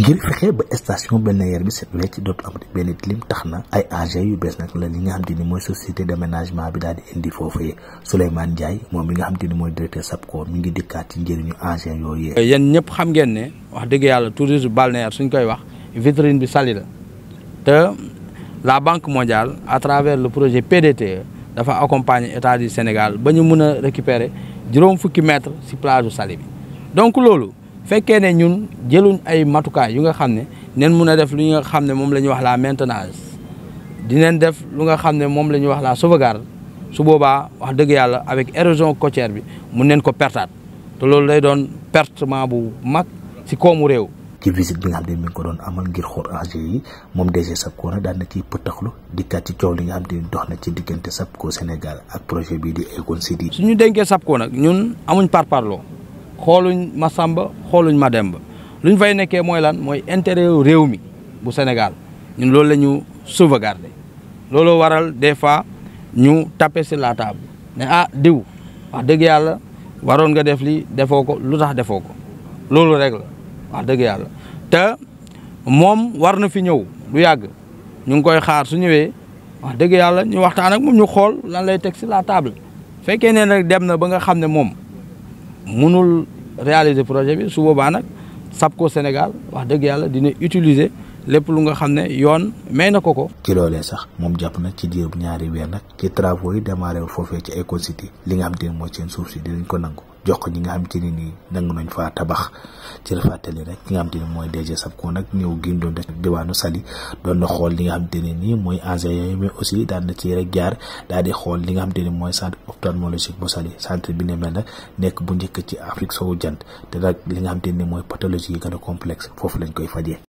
ngir fexe ba station benn yer bi set wecc dootu amati benn tilim tax na ay engins yu bees nag la li nga xam te ni mooy société d'aménagement bi daal di indi foofee Souleymane Ndiaye moom mi nga xam te ni mooy directeur SAPCO mi ngi dikkaat ci njëriñu engins yooyu yéen ñëpp xam ngeen ne wax dëgg yàlla tourisme balnéaire suñ koy wax vitrine bi sali la te la banque mondiale à travers le projet PDTE dafa accompagner état du Sénégal ba ñu mën a récupérer juróom fukki mètres si u Saly fekkee ne ñun jëluñ ay matukaay yu nga xam ne neen mun a def lu nga xam ne moom la ñuy wax la maintenance dineen def lu nga xam ne moom la ñuy wax la sauvegarde su boobaa wax dëgg yàlla avec érosion côtière bi mun neen ko pertaat te loolu day doon pertement bu mag si koomu réew ci visite bi nga xam ne mi ko doon amal ngir xool enjeu yi moom DG SAPCO nag daan na ciy pëttaxlu dikkaat ci coow li nga xam ne dox na ci diggante SAPCO Sénégal ak projet bii di Akon Sidi suñu dénkee SAPCO nag ñun amuñ parparloo xooluñ ma Masamba xooluñ Mademba luñ fay nekkee mooy lan mooy intérêt réew mi bu Sénégal ñun loolu la ñu sauvegarder loolu waral des fois ñu taper sur la table ne ah diw wax dëgg yàlla waroon nga def lii defoo ko lu tax defoo ko loolu rek la wax dëgg yàlla te moom war na fi ñëw lu yàgg ñu ngi koy xaar su ñëwee wax dëgg yàlla ñu waxtaan ak moom ñu xool lan lay teg si la table fekkee ne nag dem na ba nga xam ne moom mënul réaliser projet bi su boobaa nag SAPCO Sénégal wax dëgg yàlla dina utiliser lépp lu nga xam ne yoon may na ko ko. ci loolee sax moom jàpp na ci diir ñaari weer nag ci travaux yi démarré wu foofee ci Eco City li nga xam te ne mooy seen suuf si dinañ ko nangu jox ko ñi nga ne nii nangu nañ faa tabax ci fàttali rek ki nga xam ne mooy DG SAPCO nag ñëw gën doon def diwaanu Saly doon na xool li nga xam te nii mooy engins yooyu mais aussi daan na ci rek jaar daal di xool li nga xam te ne mooy centre ophtalmologique bu Saly centre bi ne mel nag nekk bu njëkk ci Afrique sowu jant te nag li nga xam te mooy pathologie yi gën a complexe foofu lañ koy fajee.